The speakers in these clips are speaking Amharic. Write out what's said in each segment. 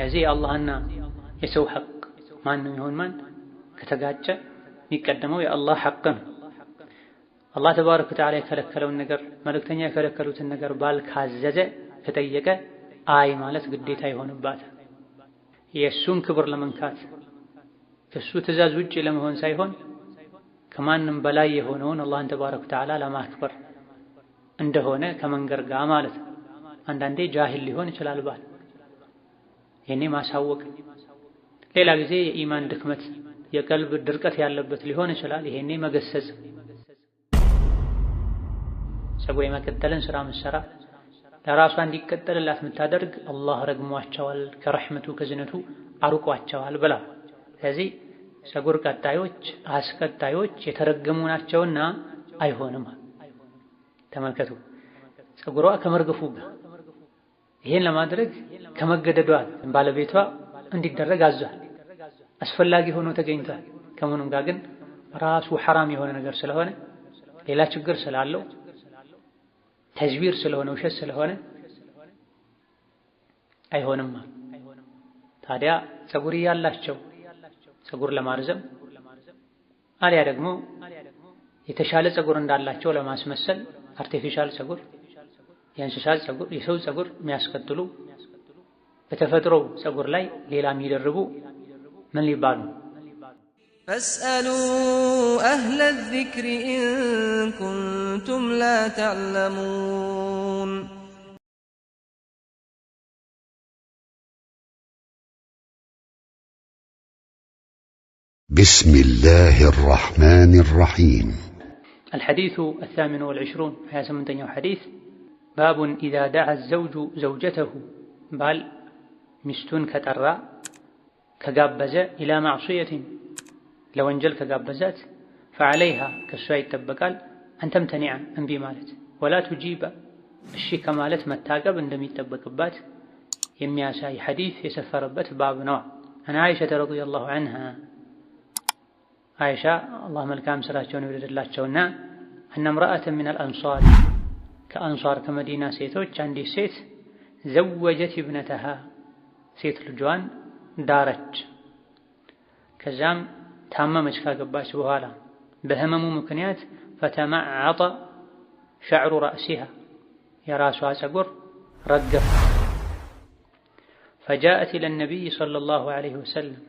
የዚህ የአላህና የሰው ሐቅ ማንም ይሆን ማን ከተጋጨ የሚቀደመው የአላህ ሐቅ ነው። አላህ ተባረከ ወተዓላ የከለከለውን ነገር መልእክተኛ የከለከሉትን ነገር ባል ካዘዘ ከጠየቀ አይ ማለት ግዴታ ይሆንባታል። የእሱን ክብር ለመንካት ከእሱ ትእዛዝ ውጭ ለመሆን ሳይሆን ከማንም በላይ የሆነውን አላህን ተባረከ ወተዓላ ለማክበር እንደሆነ ከመንገር ጋር ማለት ነው። አንዳንዴ ጃሂል ሊሆን ይችላል ባል ይህኔ ማሳወቅ። ሌላ ጊዜ የኢማን ድክመት የቀልብ ድርቀት ያለበት ሊሆን ይችላል። ይሄኔ መገሰጽ። ጸጉር የመቀጠልን ስራ ምሰራ ለራሷ እንዲቀጠልላት የምታደርግ አላህ ረግሟቸዋል፣ ከረሕመቱ ከዝነቱ አርቋቸዋል ብላ። ስለዚህ ጸጉር ቀጣዮች አስቀጣዮች የተረገሙ ናቸውና አይሆንም። ተመልከቱ፣ ጸጉሯ ከመርገፉ ጋር ይሄን ለማድረግ ከመገደዷ ባለቤቷ እንዲደረግ አዟል። አስፈላጊ ሆኖ ተገኝቷል። ከምኑም ጋር ግን ራሱ ሐራም የሆነ ነገር ስለሆነ ሌላ ችግር ስላለው ተዝቢር ስለሆነ ውሸት ስለሆነ አይሆንም። ታዲያ ፀጉር ያላቸው ጸጉር ለማርዘም አሊያ ደግሞ የተሻለ ፀጉር እንዳላቸው ለማስመሰል አርቲፊሻል ጸጉር፣ የእንስሳት ጸጉር፣ የሰው ፀጉር የሚያስከትሉ በተፈጥሮ ጸጉር ላይ ሌላ የሚደርቡ ምን ሊባሉ فاسألوا أهل الذكر إن كنتم لا تعلمون بسم الله الرحمن الرحيم الحديث الثامن والعشرون هذا من حديث باب إذا دعا الزوج زوجته بل ሚስቱን ከጠራ ከጋበዘ ኢላ ማዕሱየቲን ለወንጀል ከጋበዛት ፈዓለይሃ ከእሷ ይጠበቃል አንተም ተኒዓ እምቢ ማለት ወላ ቱጂባ እሺ ከማለት መታቀብ እንደሚጠበቅባት የሚያሳይ ሐዲስ የሰፈረበት ባብ ነዋ። አን አይሸተ ረዲየላሁ አንሃ አይሻ አላህ መልካም ስራቸውን ይውደድላቸውና አነ እምረአተ ሚነል አንሷር ከአንሷር ከመዲና ሴቶች አንዲት ሴት ዘወጀት ይብነተሃ ሴት ልጇን ዳረች። ከዚያም ታመመች ካገባች በኋላ በህመሙ ምክንያት ፈተመዐጠ ሸዕሩ ራእሲሃ የራሷ ፀጉር ረገፈ። ፈጃአት ኢለ ነቢይ ሰለላሁ ዐለይሂ ወሰለም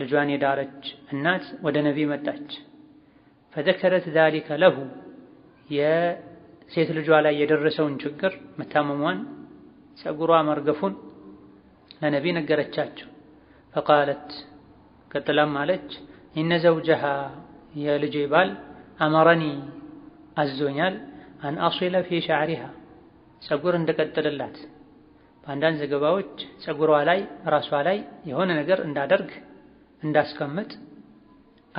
ልጇን የዳረች እናት ወደ ነቢ መጣች። ፈዘከረት ዛሊከ ለሁ የሴት ልጇ ላይ የደረሰውን ችግር መታመሟን፣ ፀጉሯ መርገፉን ለነቢ ነገረቻቸው። ፈቃለት ቀጥላም አለች ኢነ ዘውጀሃ የልጄ ባል አመረኒ አዞኛል አን አሲለ ፊ ሻዕሪሃ ጸጉር እንደቀጥልላት በአንዳንድ ዘገባዎች ጸጉሯ ላይ ራሷ ላይ የሆነ ነገር እንዳደርግ እንዳስቀምጥ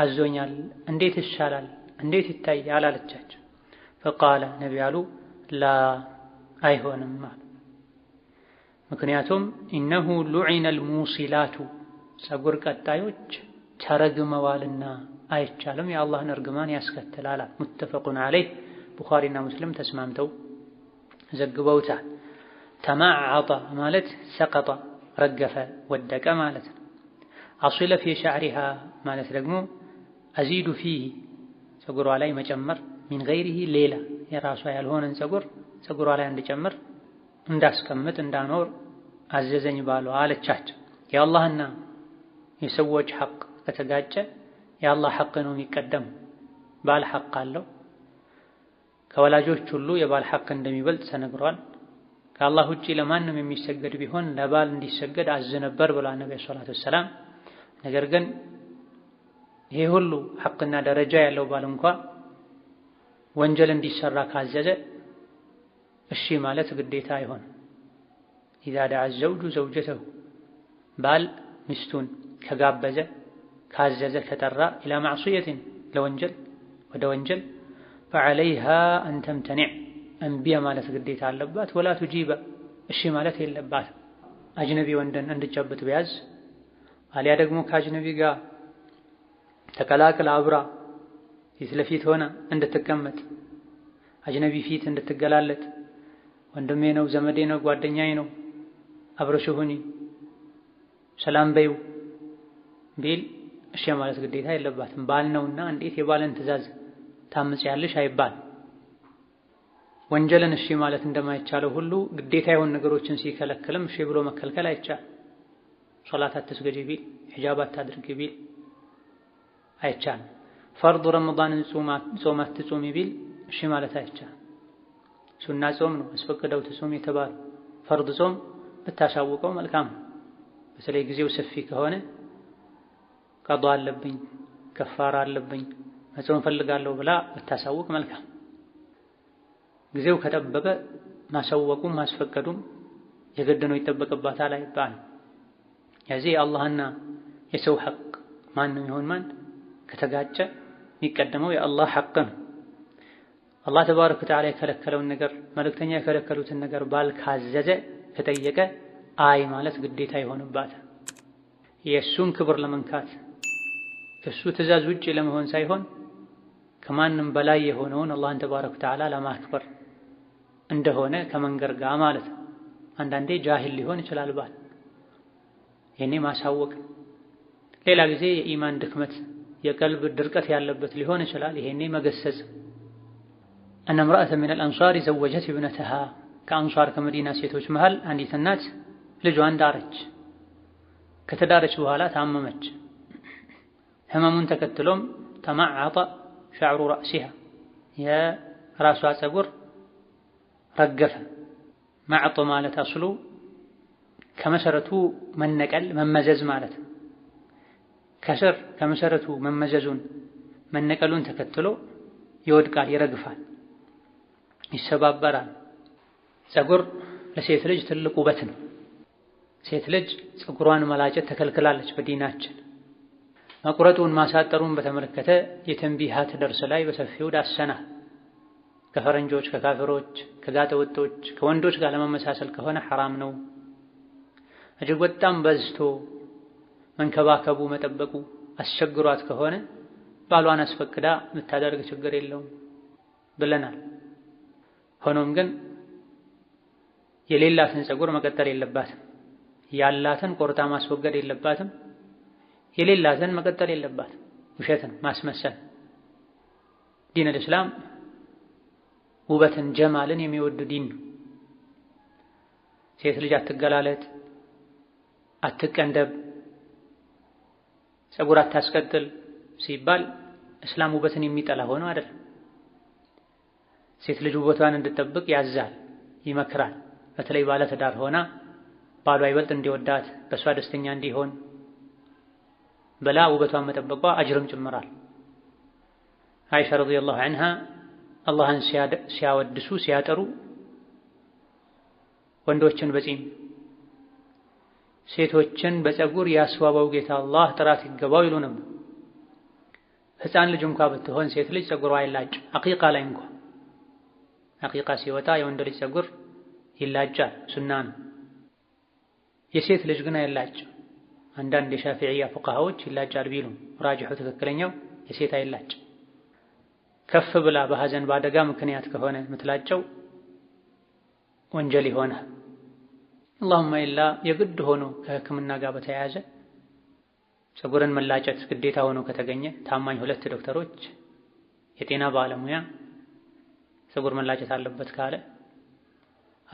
አዞኛል። እንዴት ይሻላል? እንዴት ይታያል? አለቻቸው። ፈቃለ ነቢ አሉ ላ አይሆንም አሉ ምክንያቱም ኢነሁ ሉዒነል ሙሲላቱ ጸጉር ቀጣዮች ተረግመዋልና አይቻልም፣ የአላህን እርግማን ያስከትላል። ሙተፈቁን አለይህ ቡኻሪና ሙስሊም ተስማምተው ዘግበውታል። ተማዓጣ ማለት ሰቀጣ ረገፈ፣ ወደቀ ማለት ነው። አሲለ ፊ ሻዕሪሃ ማለት ደግሞ አዚዱ ፊህ ጸጉሯ ላይ መጨመር፣ ሚን ገይሪሂ ሌላ የራሷ ያልሆነን ጸጉር ጸጉሯ ላይ እንድጨምር እንዳስቀምጥ እንዳኖር አዘዘኝ ባለው አለቻቸው። የአላህና የሰዎች ሐቅ ከተጋጨ የአላህ ሐቅ ነው የሚቀደም። ባል ሐቅ አለው። ከወላጆች ሁሉ የባል ሐቅ እንደሚበልጥ ተነግሯል። ከአላህ ውጪ ለማንም የሚሰገድ ቢሆን ለባል እንዲሰገድ አዝ ነበር ብሏል ነቢ ሰላቱ ወሰላም። ነገር ግን ይሄ ሁሉ ሐቅና ደረጃ ያለው ባል እንኳ ወንጀል እንዲሰራ ካዘዘ እሺ ማለት ግዴታ አይሆን ኢዛ ደዓ ዘውጁ ዘውጀተሁ ባል ሚስቱን ከጋበዘ ካዘዘ ከጠራ ኢላ ማዕስየትን ለወንጀል ወደ ወንጀል ፈዓለይሃ አንተምተኒዕ እምቢያ ማለት ግዴታ አለባት። ወላ ቱጂበ እሺ ማለት የለባት። አጅነቢ ወንድን እንድጨብጥ ቢያዝ አሊያ ደግሞ ከአጅነቢ ጋር ተቀላቅላ አብራ ፊት ለፊት ሆና እንድትቀመጥ አጅነቢ ፊት እንድትገላለጥ ወንድሜ ነው፣ ዘመዴ ነው፣ ጓደኛዬ ነው አብረሽ ሁኚ፣ ሰላም በይው ቢል እሺ ማለት ግዴታ የለባትም። ባል ነውና እንዴት የባልን ትዕዛዝ ታምጪያለሽ አይባል። ወንጀልን እሺ ማለት እንደማይቻለው ሁሉ ግዴታ የሆኑ ነገሮችን ሲከለክልም እሺ ብሎ መከልከል አይቻል። ሶላት አትስገጂ ቢል፣ ሒጃብ አታድርጊ ቢል አይቻል። ፈርዱ ረመዳንን ጾም አትጾሚ ቢል እሺ ማለት አይቻል። ሱና ጾም ነው አስፈቅደው ትጾም የተባለ ፈርድ ጾም ብታሳውቀው መልካም። በተለይ ጊዜው ሰፊ ከሆነ ቀዶ አለብኝ፣ ከፋራ አለብኝ፣ መጾም እፈልጋለሁ ብላ ብታሳውቅ መልካም። ጊዜው ከጠበበ ማሳወቁም ማስፈቀዱም የግድ ነው፣ ይጠበቅባታል አይባልም። የዚህ የአላህና የሰው ሐቅ ማንም ይሆን ማን ከተጋጨ የሚቀደመው የአላህ ሐቅ ነው። አላህ ተባረከ ወተዓላ የከለከለውን ነገር መልእክተኛ የከለከሉትን ነገር ካዘዘ? ከጠየቀ አይ ማለት ግዴታ ይሆንባታል። የእሱን ክብር ለመንካት ከእሱ ትዕዛዝ ውጭ ለመሆን ሳይሆን ከማንም በላይ የሆነውን አላህን ተባረክ ወተዓላ ለማክበር እንደሆነ ከመንገር ጋር ማለት ነው። አንዳንዴ ጃሂል ሊሆን ይችላል ባል ይህኔ ማሳወቅ፣ ሌላ ጊዜ የኢማን ድክመት የቀልብ ድርቀት ያለበት ሊሆን ይችላል። ይሄኔ መገሰጽ እነ ምርአተ ሚነል አንሷሪ ዘወጀት ይብነተሃ ከአንሷር ከመዲና ሴቶች መሃል አንዲት እናት ልጇን ዳረች። ከተዳረች በኋላ ታመመች። ህመሙን ተከትሎም ተማዓጠ ሻዕሩ ራእሲሃ የራሷ ፀጉር ረገፈ። ማዕጦ ማለት አስሉ ከመሰረቱ መነቀል መመዘዝ ማለት ነው። ከስር ከመሰረቱ መመዘዙን መነቀሉን ተከትሎ ይወድቃል፣ ይረግፋል፣ ይሰባበራል። ፀጉር ለሴት ልጅ ትልቅ ውበት ነው። ሴት ልጅ ፀጉሯን መላጨት ተከልክላለች በዲናችን። መቁረጡን ማሳጠሩን በተመለከተ የተንቢሃት ደርስ ላይ በሰፊው ዳሰና። ከፈረንጆች ከካፍሮች፣ ከጋጠወጦች፣ ከወንዶች ጋር ለመመሳሰል ከሆነ ሐራም ነው። እጅግ በጣም በዝቶ መንከባከቡ መጠበቁ አስቸግሯት ከሆነ ባሏን አስፈቅዳ የምታደርግ ችግር የለውም ብለናል። ሆኖም ግን የሌላትን ፀጉር መቀጠል የለባትም። ያላትን ቆርጣ ማስወገድ የለባትም። የሌላትን መቀጠል የለባትም። ውሸትን ማስመሰል ዲን አልእስላም ውበትን ጀማልን የሚወዱ ዲን ነው። ሴት ልጅ አትገላለጥ፣ አትቀንደብ፣ ፀጉር አታስቀጥል ሲባል እስላም ውበትን የሚጠላ ሆኖ አይደለም። ሴት ልጅ ውበቷን እንድትጠብቅ ያዛል፣ ይመክራል። በተለይ ባለ ትዳር ሆና ባሏ ይበልጥ እንዲወዳት በእሷ ደስተኛ እንዲሆን ብላ ውበቷን መጠበቋ አጅርም ጭምራል። አይሻ ረዲየላሁ አንሃ አላህን ሲያወድሱ ሲያጠሩ ወንዶችን በጺም ሴቶችን በፀጉር ያስዋበው ጌታ አላህ ጥራት ይገባው ይሉ ነበር። ሕፃን ልጅ እንኳ ብትሆን ሴት ልጅ ፀጉሯ አይላጭ አቂቃ ላይ እንኳ አቂቃ ሲወጣ የወንድ ልጅ ፀጉር ይላጫል፣ ሱና ነው። የሴት ልጅ ግን አይላጭም። አንዳንድ የሻፊዕያ ፉቃሃዎች ይላጫል ቢሉ ራጅሑ ትክክለኛው የሴት አይላጭም። ከፍ ብላ በሐዘን በአደጋ ምክንያት ከሆነ የምትላጨው ወንጀል ይሆናል። አላሁማ ኢላ የግድ ሆኖ ከህክምና ጋር በተያያዘ ፀጉርን መላጨት ግዴታ ሆኖ ከተገኘ ታማኝ ሁለት ዶክተሮች የጤና ባለሙያ ፀጉር መላጨት አለበት ካለ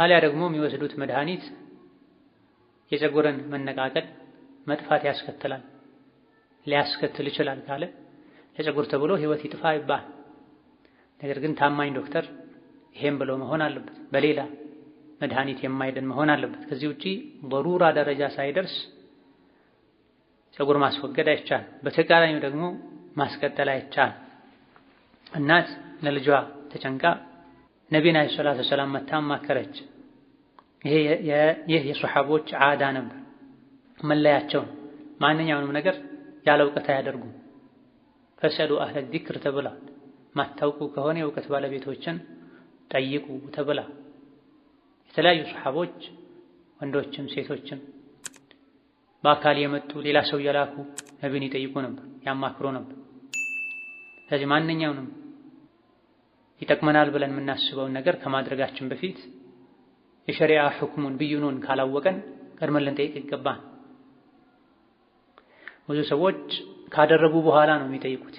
አሊያ ደግሞ የሚወስዱት መድኃኒት የፀጉርን መነቃቀል መጥፋት ያስከትላል ሊያስከትል ይችላል ካለ ለፀጉር ተብሎ ህይወት ይጥፋ ይባል። ነገር ግን ታማኝ ዶክተር ይሄም ብሎ መሆን አለበት። በሌላ መድኃኒት የማይድን መሆን አለበት። ከዚህ ውጪ በሩራ ደረጃ ሳይደርስ ፀጉር ማስወገድ አይቻል በተቃራኒው ደግሞ ማስቀጠል አይቻል። እናት ለልጇ ተጨንቃ ነቢን አለይሂ ሰላቱ ወሰላም መታማከረች። ይሄ ይህ የሶሐቦች ዓዳ ነበር፣ መለያቸውን ማንኛውንም ነገር ያለ እውቀት አያደርጉም። ፈሰሉ አህለ ዚክር ተብላ ማታውቁ ከሆነ የእውቀት ባለቤቶችን ጠይቁ ተብላ የተለያዩ ሶሐቦች ወንዶችም ሴቶችም በአካል የመጡ ሌላ ሰው የላኩ ነቢን ይጠይቁ ነበር፣ ያማክሩ ነበር። ስለዚህ ማንኛውንም ይጠቅመናል ብለን የምናስበውን ነገር ከማድረጋችን በፊት የሸሪዓ ሕክሙን ብይኑን ካላወቀን ቀድመን ልንጠይቅ ይገባል። ብዙ ሰዎች ካደረጉ በኋላ ነው የሚጠይቁት።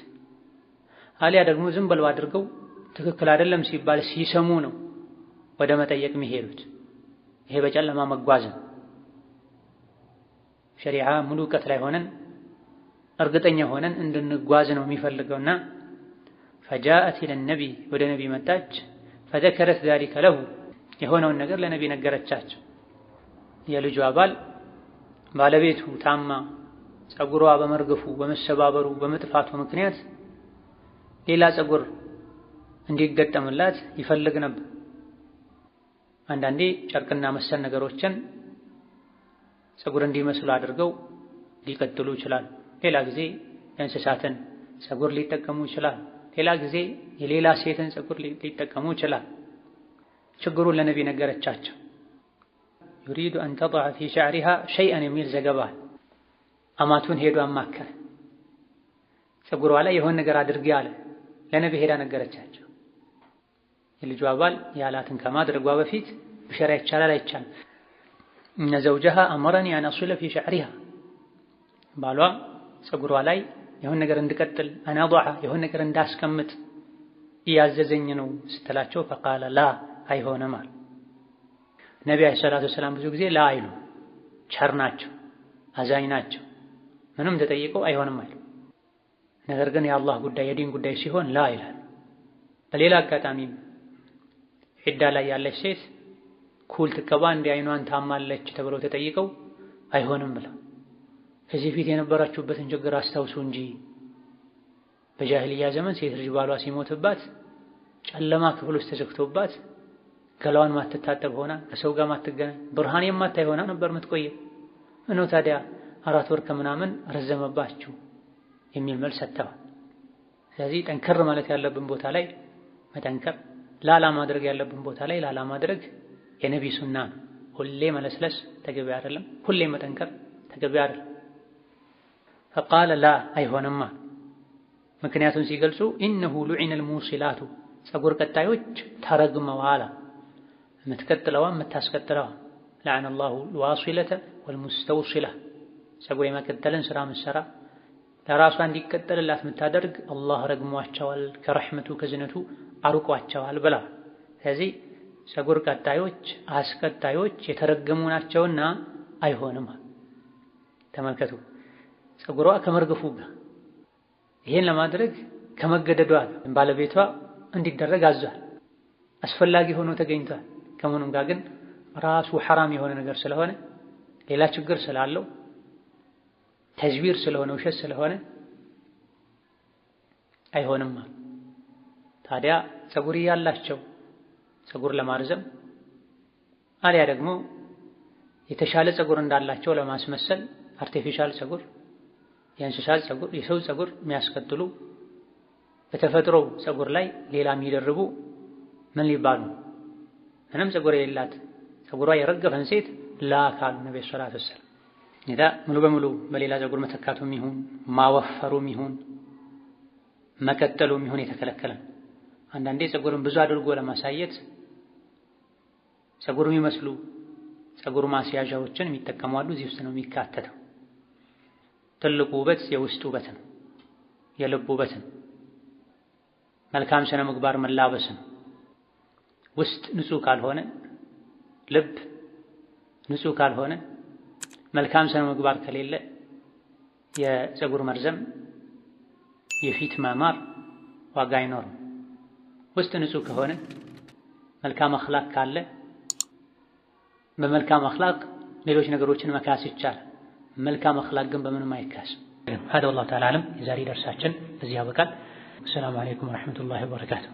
አሊያ ደግሞ ዝም ብለው አድርገው ትክክል አይደለም ሲባል ሲሰሙ ነው ወደ መጠየቅ የሚሄዱት። ይሄ በጨለማ መጓዝ ነው። ሸሪዓ ሙሉ እውቀት ላይ ሆነን እርግጠኛ ሆነን እንድንጓዝ ነው የሚፈልገውና ፈጃአት ለነቢ ወደ ነቢ መጣች። ፈዘከረት ዛሊከ ለሁ የሆነውን ነገር ለነቢ ነገረቻቸው። የልጁ አባል ባለቤቱ ታማ ፀጉሯ በመርገፉ በመሰባበሩ በመጥፋቱ ምክንያት ሌላ ፀጉር እንዲገጠምላት ይፈልግ ነበር። አንዳንዴ ጨርቅና መሰል ነገሮችን ፀጉር እንዲመስሉ አድርገው ሊቀጥሉ ይችላል። ሌላ ጊዜ የእንስሳትን ፀጉር ሊጠቀሙ ይችላል። ሌላ ጊዜ የሌላ ሴትን ፀጉር ሊጠቀሙ ይችላል። ችግሩን ለነቢ ነገረቻቸው። ዩሪዱ አን ተضع ፊ ሸዕሪሃ ሸይአን የሚል ዘገባ አማቱን ሄዶ አማከረ። ፀጉሯ ላይ የሆን ነገር አድርጌ አለ። ለነቢ ሄዳ ነገረቻቸው። የልጇ ባል ያላትን ከማድረጓ በፊት ብሸሪያ ይቻላል አይቻልም? እነ ዘውጀሃ አመረኒ አን አሱለ ፊ ሸዕሪሃ ባሏ ፀጉሯ ላይ የሆን ነገር እንድቀጥል አናዷሃ የሆን ነገር እንዳስቀምጥ እያዘዘኝ ነው ስትላቸው ፈቃለ ላ አይሆንም አሉ። ነቢ ዐለይሂ ሰላቱ ወሰላም ብዙ ጊዜ ላ አይሉ ቸር ናቸው፣ አዛኝ ናቸው። ምንም ተጠይቀው አይሆንም አይሉ። ነገር ግን የአላህ ጉዳይ የዲን ጉዳይ ሲሆን ላ ይላል። በሌላ አጋጣሚም ዒዳ ላይ ያለች ሴት ኩል ትቀባ እንዲህ አይኗን ታማለች ተብለው ተጠይቀው አይሆንም ብለው ከዚህ ፊት የነበራችሁበትን ችግር አስታውሱ እንጂ በጃህልያ ዘመን ሴት ልጅ ባሏ ሲሞትባት ጨለማ ክፍል ውስጥ ተዘግቶባት ገላዋን ማትታጠብ ሆና ከሰው ጋር ማትገናኝ ብርሃን የማታይ ሆና ነበር የምትቆየው። እኖ ታዲያ አራት ወር ከምናምን ረዘመባችሁ የሚል መልስ ሰጥተዋል። ስለዚህ ጠንከር ማለት ያለብን ቦታ ላይ መጠንከር፣ ላላ ማድረግ ያለብን ቦታ ላይ ላላ ማድረግ የነቢ ሱና ነው። ሁሌ መለስለስ ተገቢ አይደለም። ሁሌ መጠንከር ተገቢ አይደለም። ፈቃለ ላ አይሆንማ። ምክንያቱን ሲገልጹ ኢነሁ ሉዒነል ሙሲላቱ ፀጉር ቀጣዮች ተረግመዋል የምትቀጥለዋ የምታስቀጥለዋ ለዐነ ላሁ ልዋሲለተ ወልሙስተውሲላ ፀጉር የመቀጠልን ስራ ምሰራ ለራሷ እንዲቀጠልላት የምታደርግ አላህ ረግሟቸዋል፣ ከረሕመቱ ከዝነቱ አርቋቸዋል ብላ። ስለዚህ ፀጉር ቀጣዮች አስቀጣዮች የተረገሙ ናቸውና አይሆንም። ተመልከቱ። ፀጉሯ ከመርገፉ ጋር ይሄን ለማድረግ ከመገደዷ ባለቤቷ እንዲደረግ አዟል። አስፈላጊ ሆኖ ተገኝቷል። ከመሆኑም ጋር ግን ራሱ ሐራም የሆነ ነገር ስለሆነ ሌላ ችግር ስላለው ተዝቢር ስለሆነ ውሸት ስለሆነ አይሆንም። ታዲያ ፀጉር ያላቸው ፀጉር ለማርዘም አሊያ ደግሞ የተሻለ ፀጉር እንዳላቸው ለማስመሰል አርቲፊሻል ፀጉር የእንስሳ ጸጉር፣ የሰው ጸጉር የሚያስከትሉ በተፈጥሮው ጸጉር ላይ ሌላ የሚደርቡ ምን ሊባሉ? ምንም ጸጉር የሌላት ጸጉሯ የረገፈን ሴት ላካል ነቢ ሰላት ዐለይሂ ኔታ ሙሉ በሙሉ በሌላ ጸጉር መተካቱም ይሁን ማወፈሩም ይሁን መቀጠሉም ይሁን የተከለከለ። አንዳንዴ ጸጉርን ብዙ አድርጎ ለማሳየት ጸጉር የሚመስሉ ጸጉር ማስያዣዎችን የሚጠቀሙ አሉ። እዚህ ውስጥ ነው የሚካተተው። ትልቁ ውበት የውስጥ ውበት ነው፣ የልብ ውበት ነው። መልካም ስነ ምግባር መላበስ ነው። ውስጥ ንጹህ ካልሆነ፣ ልብ ንጹህ ካልሆነ፣ መልካም ስነ ምግባር ከሌለ የፀጉር መርዘም፣ የፊት መማር ዋጋ አይኖርም። ውስጥ ንጹህ ከሆነ መልካም አኽላቅ ካለ በመልካም አኽላቅ ሌሎች ነገሮችን መካስ ይቻላል። መልካም አኽላቅ ግን በምንም አይካስም። ሀደ ወላሁ ተዓላ አለም። የዛሬ ደርሳችን እዚህ ያበቃል። አሰላሙ አለይኩም ወረሕመቱላሂ ወበረካቱ።